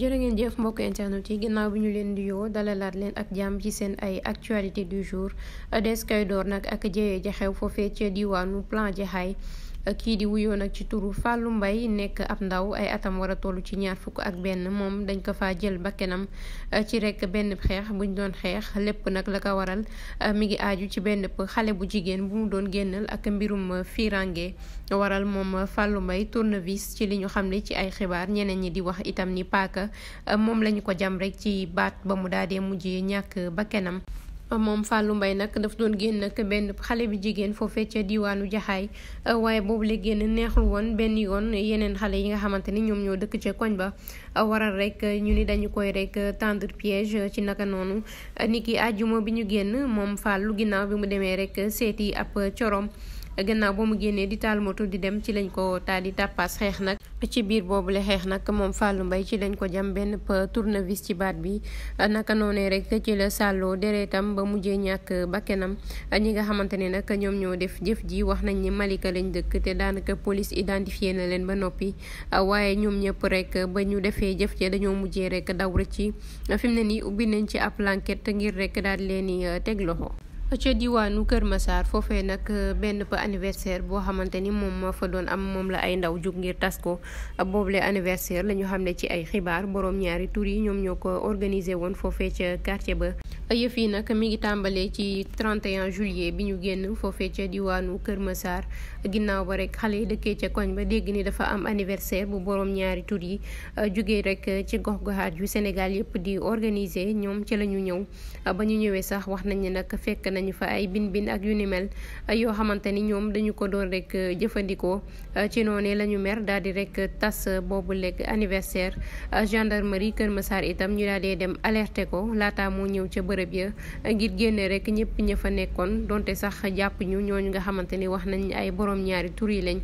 jërë ngeen jëf mbokk internet yi ginnaaw bi ñu leen di yoo dalalaat leen ak jàmm ci seen ay actualité du jour des kay door nag ak jëyee ja xew foofee ca diwaanu Plan Jaxaay kii di wuyoo nag ci turu fàllu mbay nekk ab ndaw ay atam war a toll ci ñaar fukk ak benn moom dañ ko fa jël bakkenam eh, ci rekk benn xeex buñ doon xeex lépp nag la ko waral eh, mi ngi aaju ci benn xale bu jigéen bu mu doon génnal ak mbirum firange waral moom Fallou Mbaye tournevis ci li ñu xam ne ci ay xibaar ñeneen ñi di wax itam ni paaka eh, moom lañu ko jam rek ci baat ba mu daadee mujj ñàkk bakkenam moom fàllu mbay nag daf doon génn nag benn xale bi jigéen foofee ca diwaanu jaxaay euh, waaye boobu la génn neexul woon benn yoon yeneen xale yi nga xamante ni ñoom ñoo dëkk ca koñ ba waral rek ñu ni dañu koy rek tendre piège ci naka noonu nit niki àjjuma bi ñu génn moom fàllu ginnaaw bi mu demee rek seeti ab corom. gannaaw ba mu génnee di taal moto di dem ci lañ ko taal di tàppaas xeex nag ci biir boobu la xeex nag moom Fallou mbay ci lañ ko jam benn tournevis ci baat bi naka noonee rek ci la sàlloo deretam ba mujjee ñàkk bakkenam ñi nga xamante ne nag ñoom ñoo def jëf ji wax nañ ni Malika lañ dëkk te daanaka police identifié na leen ba noppi waaye ñoom ñëpp rek ba ñu defee jëf ji dañoo mujjee rek daw rëcc fi mu ne nii ubbi nañ ci ab enquête ngir rek daal leen di teg loxo ca diwaanu Kër Massar foofee nag benn pa anniversaire boo xamante ni moom ma fa doon am moom la ay ndaw jug ngir tas ko boobule anniversaire la ñu xam ne ci ay xibaar boroom ñaari tur yi ñoom ñoo ko organisé woon foofee ca quartier ba. yëf yi nag mi ngi tàmbalee ci 31 juillet bi ñu génn foofee ca diwaanu Kër Massar ginnaaw ba rek xale dëkkee ca koñ ba dégg ni dafa am anniversaire bu boroom ñaari tur yi euh, jógee rek ci gox goxaat yu Sénégal yëpp di organiser ñoom ci la ñu ñëw ba ñu ñëwee sax wax nañ ne nag fekk nañu fa ay bin bin ak yu ni mel euh, yoo xamante ni ñoom dañu ko doon rek euh, jëfandikoo ci noonee la ñu mer daal di rek tas boobu lekk anniversaire gendarmerie Kër Massar itam ñu daal di dem alerter ko laata moo ñëw ca bërëb ya ngir génne rek ñëpp ña fa nekkoon donte sax jàpp ñu ñooñu nga xamante ni wax nañ ay borom ñaari tur yi lañ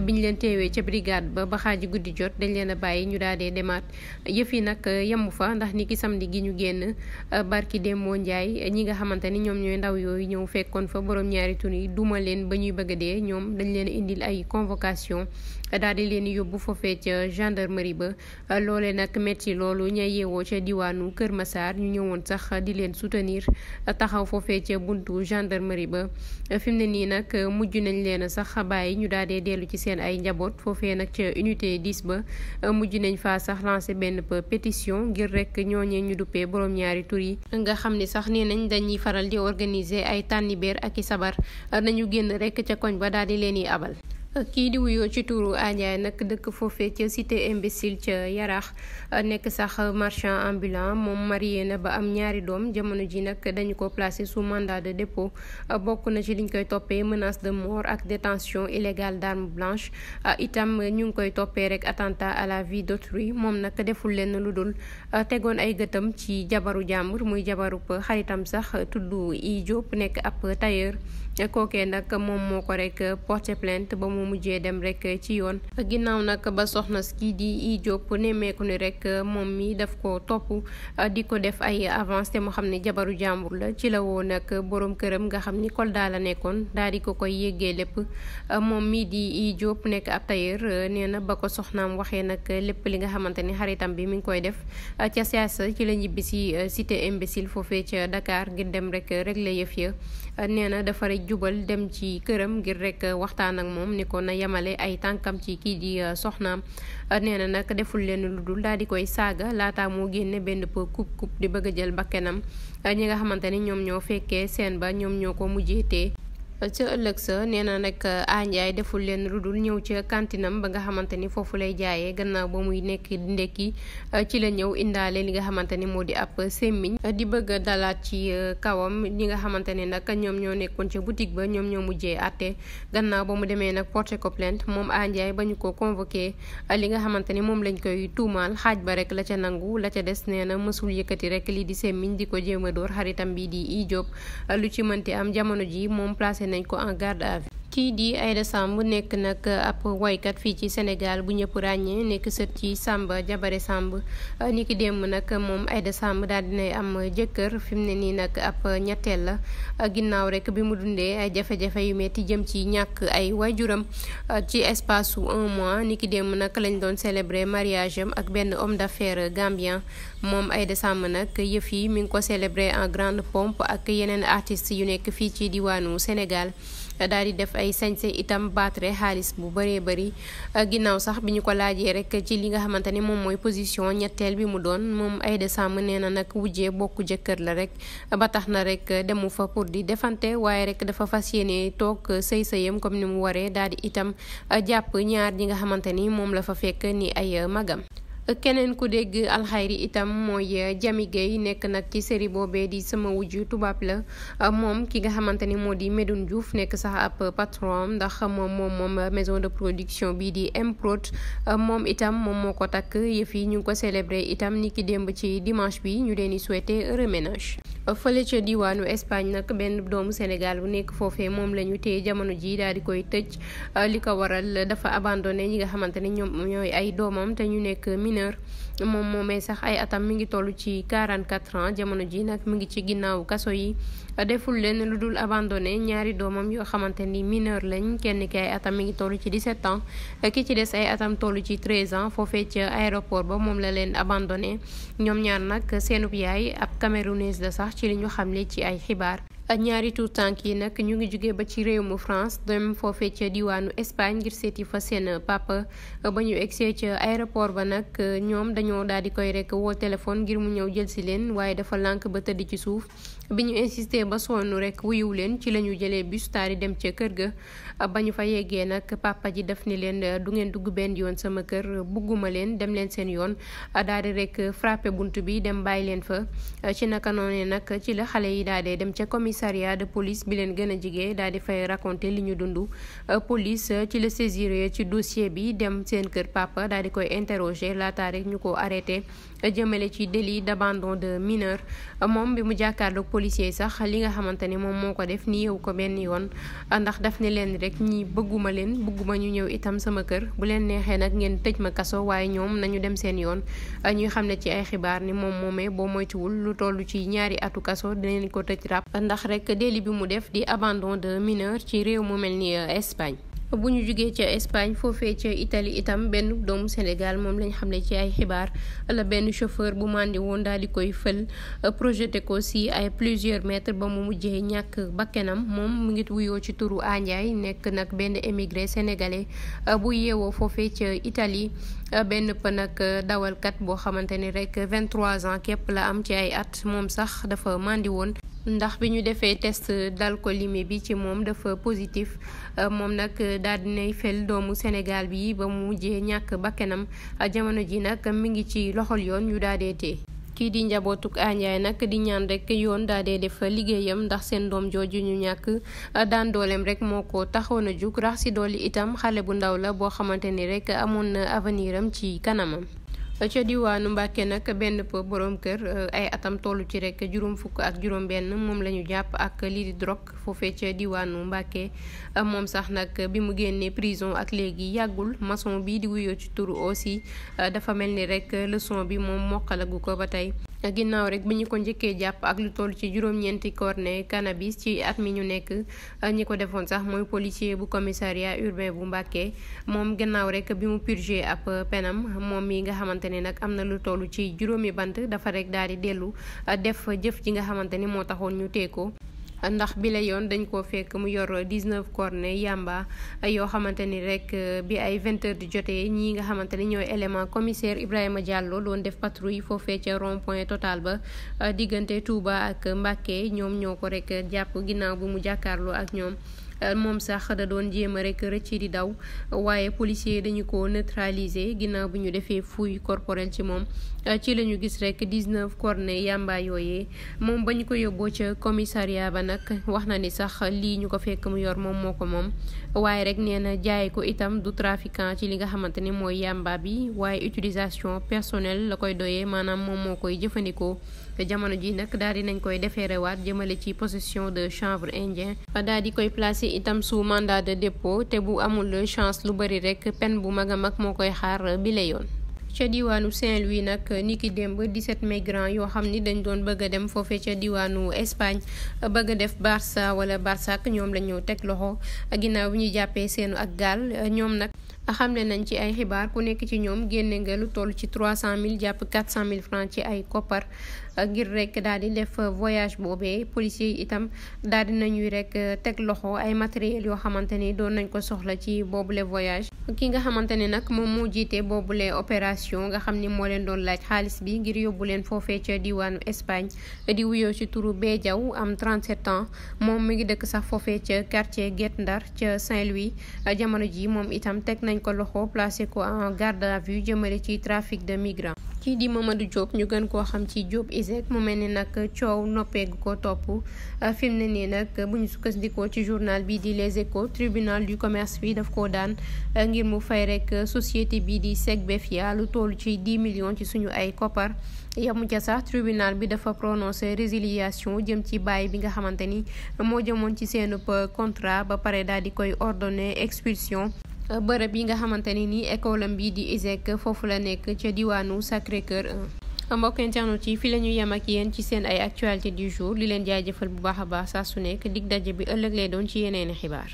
bi ñu leen teewee ca brigade ba ba xaaji guddi jot dañ leen a bàyyi ñu daal dee demaat yëf yi nag eh, yemu fa ndax ni ki samedi gi ñu génn eh, barki Demba Ndiaye eh, ñi nga xamante ni ñoom ñooy ndaw yooyu ñëw fekkoon fa borom ñaari tur yi duma leen ba ñuy bëgg dee ñoom dañ leen indil ay convocation daal di leen yóbbu foofee ca gendarmerie ba loole nag metti loolu ña yeewoo ca diwaanu Kër Massar ñu ñëwoon sax di leen soutenir taxaw foofee ca buntu gendarmerie ba fi mu ne nii nag mujj nañ leen a sax bàyyi ñu daal dee dellu ci seen ay njaboot foofee nag ca unité 10 ba euh, mujj nañ fa sax lancé benn pétition ngir rek ñooñee ñu duppee borom ñaari tur yi nga xam ni sax nee nañ dañuy faral di organiser ay tànnibeer ak i sabar nañu génn rek ca koñ ba daal di leen yi abal kii diw yoo ci tuuru Andiaye nag dëkk foofee ca cité imbécile ca Yaraax nekk sax marchand ambulant moom marié na ba am ñaari doom jamono ji nag dañu ko placé su mandat de dépôt bokk na ci liñ koy toppee menace de mort ak détention illégale d'arme blanche itam ñu ngi koy toppee rek attentat à la vie d'autrui moom nag deful lenn lu dul tegoon ay gëtam ci jabaru jàmbur muy jabaru xaritam sax tudd i Diop nekk ab tailleur kookee nag moom moo ko rek euh, porté plainte ba mu mujjee dem rek euh, ci yoon ginnaaw nag ba soxna kii di i Diop nemmeeku ni rek euh, moom mi daf ko topp di ko def ay avance te mu xam ne jabaru jàmbur la ci la woon nag boroom këram nga xam ni Kolda la nekkoon daal di ko koy yéggee lépp moom mii di i Diop nekk ab tailleur nee na ba ko soxnaam waxee nag lépp li nga xamante ni xaritam bi mi ngi koy def ca siyaasa ci la ñibbi si cité foofe foofee ca Dakar ngir dem rek rek la yëf ya jubal dem ci këram ngir rek waxtaan ak moom ni ko na yemale ay tànkam ci kii di euh, soxna euh, nee na nag deful leen lu dul daal di koy saaga laataa moo génne benn peu coupe coupe di bëgg a jël bakkenam euh, ñi nga xamante ni ñoom ñoo fekkee seen ba ñoom ñoo ko mujjee tee ca ëllëg sa nee na nag Andiaye deful leen lu dul ñëw ca kantinam ba nga xamante ni foofu lay jaayee gannaaw ba muy nekk di ndekki ci la ñëw indaale li nga xamante ni moo di ab sémmiñ di bëgg dalaat ci e, kawam ñi nga xamante ne nag ñoom ñoo nekkoon ca boutique ba ñoom ñoo mujjee àtte gannaaw ba mu demee nag porté ko moom Andiaye ba ñu ko convoqué e, li nga xamante ni moom lañ koy tuumaal xaaj ba rek la ca nangu la ca des nee na mësul yëkkati rek lii di sémmiñ di ko jéem a dóor xaritam bi di i lu ci mënti am jamono ji moom placé nañ ko en garde à kii di Aïda Samb nekk nag ab woykat fii ci Sénégal bu ñëpp ràññee nekk sët ci Samba Jabare Samb euh, ni ki démb nag moom Aïda Samb daal dinay am jëkkër fi mu ne nii nag ab ñetteel la euh, ginnaaw rek bi mu dundee ay jafe-jafe yu metti jëm ci ñàkk ay waajuram euh, ci espace su un mois ni ki démb nag lañ doon célébrer mariage am ak benn homme d'affaires gambien moom Aïda Samb nag yëf yi mi ngi ko célébrer en grande pompe ak yeneen artistes yu nekk fii ci diwaanu Sénégal daal di def ay sañse itam baatre xaalis bu bëree bari euh, ginnaaw sax bi ñu ko laajee rek ci li nga xamante ni moom mooy position ñetteel bi mu doon moom Aïda Samb nee na nag wujjee bokk jëkkër la rek ba tax na rek demu fa pour di defante waaye rek dafa fas yéene toog sëy sëyam comme ni mu waree daal di itam jàpp ñaar ji nga xamante ni moom la fa fekk ni ay magam keneen ku dégg alxayri itam mooy eh, Jami Gueye nekk nag ci série boobee di sama wujju tubaab la eh, moom ki nga xamante ni moo di Medoune Diouf nekk sax ab patron ndax moom moom moom maison de production bii di Mprod eh, moom itam moom moo ko takk yëf yi ñu ngi ko célébré itam ni ki démb ci dimanche bi ñu leen di souhaité reménage fële ca diwaanu Espagne nag benn doomu Sénégal bu nekk foofe moom la ñu jamono ji daal di koy tëj li ko waral dafa abandonné yi nga xamante ñoom ñooy ay doomam te ñu nekk mineur moom moom moomee sax ay atam mi ngi toll ci 44 ans jamono ji nag mu ngi ci ginnaawu kaso yi deful leen lu dul abandonné ñaari doomam yoo xamante ni mineur lañ kenn ki atam mi ngi tollu ci 17 ans ki ci des ay atam toll ci an ans foofee ca aéroport ba moom la leen abandonné ñoom ñaar nag seenub yaay ab camerounaise la sax ci li ñu xamle ci ay xibaar. ñaari tuut tànk yi nag ñu ngi jóge ba ci réew mu France dem foofee ca diwaanu Espagne ngir seeti fa seen papa ba ñu egsee ca aéroport ba nag ñoom dañoo daal di koy rek woo téléphone ngir mu ñëw jël si leen waaye dafa lànk ba tëdd ci suuf bi ñu insisté ba sonn rek wuyuw leen ci la ñu jëlee bus taari dem ca kër ga ba ñu fa yeggee nag papa ji def ni leen du ngeen dugg benn yoon sama kër bugguma leen dem leen seen yoon daal di rek frappé bunt bi dem bàyyi leen fa ci naka noonee nag ci la xale yi daal di dem ca commissariat de police bi leen gën a jigee daal di fay raconté li ñu dund police ci la saisir ci dossier bi dem seen kër papa daal di koy interroger laata rek ñu ko arrêté jëmale ci délit policier sax li nga xamante ne moom moo ko def ni yow ko benn yoon ndax daf ne leen rek ñi bëgguma leen bëgguma ñu ñëw itam sama kër bu leen neexee nag ngeen tëj ma kaso waaye ñoom nañu dem seen yoon ñuy xam ne ci ay xibaar ni moom moomee boo moytuwul lu toll ci ñaari atu kaso dinañ ko tëj ràpp ndax rek délit bi mu def di abandon de mineur ci réew mu mel ni euh, Espagne bu ñu jugee ca Espagne foofee ca Italie itam benn doomu Sénégal moom lañ xamle ci ay xibaar la benn chauffeur bu màndi woon daal di koy fël projeté ko si ay plusieurs mètres ba mu mujjee ñàkk bakkenam moom mu ngi wuyoo ci turu Andiaye nekk nag benn émigré sénégalais bu yeewoo foofee ca Italie benn pa dawalkat boo xamante ni rek 23 ans képp la am ci ay at moom sax dafa màndi woon ndax bi ñu defee test dal ko d'alcoolémie bi ci moom dafa positif euh, moom nag daal nay fel doomu Sénégal bi ba mu mujjee ñàkk bakkanam euh, jamono ji nag mi ngi ci loxol yoon ñu daal dee tee kii di njabootuk Andiaye nag di ñaan rekk yoon daal dee def liggéeyam ndax seen doom jooju ñu ñàkk euh, daan dooleem rek moo ko taxoon a jug rax si dolli itam xale bu ndaw la boo xamante ni rek amoon na avenir am ci kanamam. ca diwaanu Mbàkke nag benn borom kër eh, ay atam toll ci rek juróom fukk ak juróom benn moom la ñu jàpp ak lii di drogue foofee ca diwaanu Mbàkke eh, moom sax nag bi mu génnee prison ak léegi yàggul mason bi di wuyoo ci turu aussi eh, dafa mel ni rek leçon bi moom mokkalagu ko ba tey ginnaaw rek bi ñu ko njëkkee jàpp ak lu toll ci juróom-ñeenti cornet cannabis ci at mi ñu nekk euh, ñi ko defoon sax mooy policier bu commissariat urbain bu Mbàkke moom gannaaw rek bi mu purgé ab penam moom mi nga xamante ni nag am na lu toll ci juróomi bant dafa rekk daal di dellu euh, def jëf ji nga xamante ni moo taxoon ñu tee ko ndax bi la yoon dañ koo fekk mu yor 19 cornet yamba yoo xamante ni rek euh, bi ay 20 heures di jotee ñii nga xamante ni ñooy élément commissaire Ibrahima jàllo doon def patrouille foofee ca rond point total ba euh, diggante Touba ak Mbacké ñoom ñoo ko rek jàpp ginnaaw bi mu jàkkaarloo ak ñoom. Euh, moom sax da doon jéem a rek rëcc di daw waaye policier dañu ko neutraliser ginnaaw bi ñu defee fouille corporelle ci moom euh, ci la ñu gis rek 19 cornet yamba yooye moom ba ñu ko yóbboo ca commissariat ba nag wax na ni sax lii ñu ko fekk mu yor moom moo ko moom waaye rek nee na jaay ko itam du trafiquant ci li nga xamante ni mooy yamba bi waaye utilisation personnelle la koy doyee maanaam moom moo koy jëfandikoo jamono ji nag daal di nañ koy defee rewaat jëmale ci possession de chanvre indien itam sous mandat de dépôt te bu amul chance lu bari rek peine bu mag a mag moo koy xaar bi la yoon. ca diwaanu Saint-Louis nag niki démb 17 migrants yoo xam ni dañ doon bëgg dem foofe ca diwaanu Espagne bëgg a def Barça wala Barça ak ñoom la ñu teg loxo ginnaaw bi ñu jàppee seenu ak gaal ñoom nag. xam xamle nañ ci ay xibaar ku nekk ci ñoom génne nga lu toll ci trois cent mille jàpp quatre cent mille franc ci ay koppar euh, ngir rekk daal di def voyage boobee policier itam dal di nañuy rek euh, teg loxo ay matériel yoo xamante ni doon nañ ko soxla ci boobule voyage. ki nga xamante ne nag moom moo jiite boobule opération nga xam ni moo leen doon laaj xaalis bi ngir yóbbu leen foofee ca diwaanu Espagne di wuyoo ci turu Bee Jaw am 37 ans moom mi ngi dëkk sax foofee ca quartier Guet Ndar ca Saint-Louis jamono ji moom itam teg na nañ ko loxo placé ko en garde à vue jëmale ci trafic de migrants. kii di Mamadou Diop ñu gën koo xam ci Diop ISEG mu mel ni nag coow noppeegu ko topp euh, fi ne nii nag buñu ñu sukkandikoo ci journal bi di Les Échos tribunal du commerce bi daf koo daan euh, ngir mu fay rek société bi di Segbefia lu toll ci 10 million ci suñu ay koppar yamu ca sax tribunal bi dafa prononcé résiliation jëm ci baay bi nga xamante ni moo jëmoon ci seen euh, contrat ba pare daal di koy ordonné expulsion bërëb yi nga xamante ne ni école bii di ISEC foofu la nekk ca diwaanu Sacré-Cœur 1 mbokk internet fi la ñu yem ak yéen ci seen ay actualité du jour li leen jaajëfal bu baax a baax saa su nekk dig daje bi ëllëg lay doon ci yeneen xibaar